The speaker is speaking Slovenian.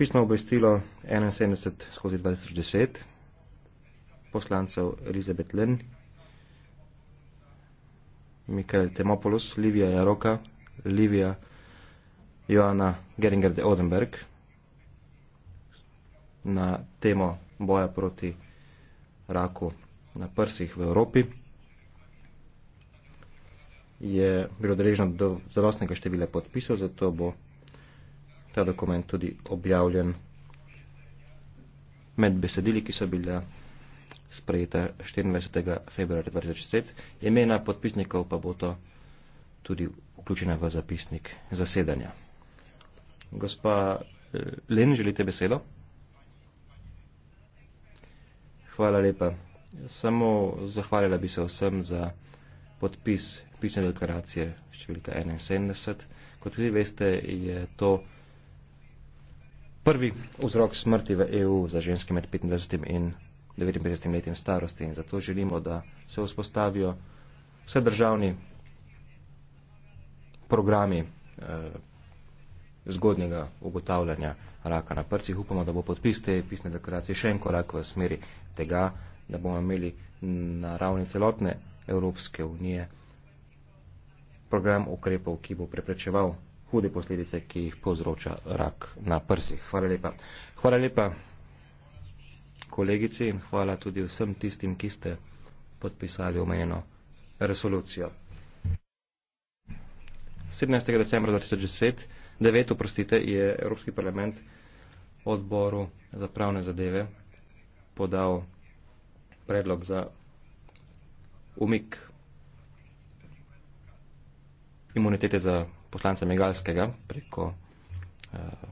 pisno obvestilo 71 skozi 2010 poslancev Elizabeth Len, Mikael Temopoulos, Livija Jaroka, Livija Joana Geringer de Odenberg na temo boja proti raku na prsih v Evropi je bilo deležno do zadostnega števila podpisov, zato bo ta dokument tudi objavljen med besedili, ki so bila sprejeta 24. februarja 2010. Imena podpisnikov pa bo to tudi vključena v zapisnik zasedanja. Gospa eh, Len, želite besedo? Hvala lepa. Samo zahvalila bi se vsem za podpis pisne deklaracije številka 71. Kot vi veste, je to prvi vzrok smrti v EU za ženske med 25 in 59 letim starosti in zato želimo, da se vzpostavijo vse državni programi eh, zgodnjega ugotavljanja raka na prsih. Upamo, da bo podpis te pisne deklaracije še en korak v smeri tega, da bomo imeli na ravni celotne Evropske unije program ukrepov, ki bo preprečeval hude posledice, ki jih povzroča rak na prsih. Hvala lepa. Hvala lepa kolegici in hvala tudi vsem tistim, ki ste podpisali omenjeno resolucijo. 17. decembra 2009, oprostite, je Evropski parlament odboru za pravne zadeve podal predlog za umik imunitete za poslanca Megalskega preko eh,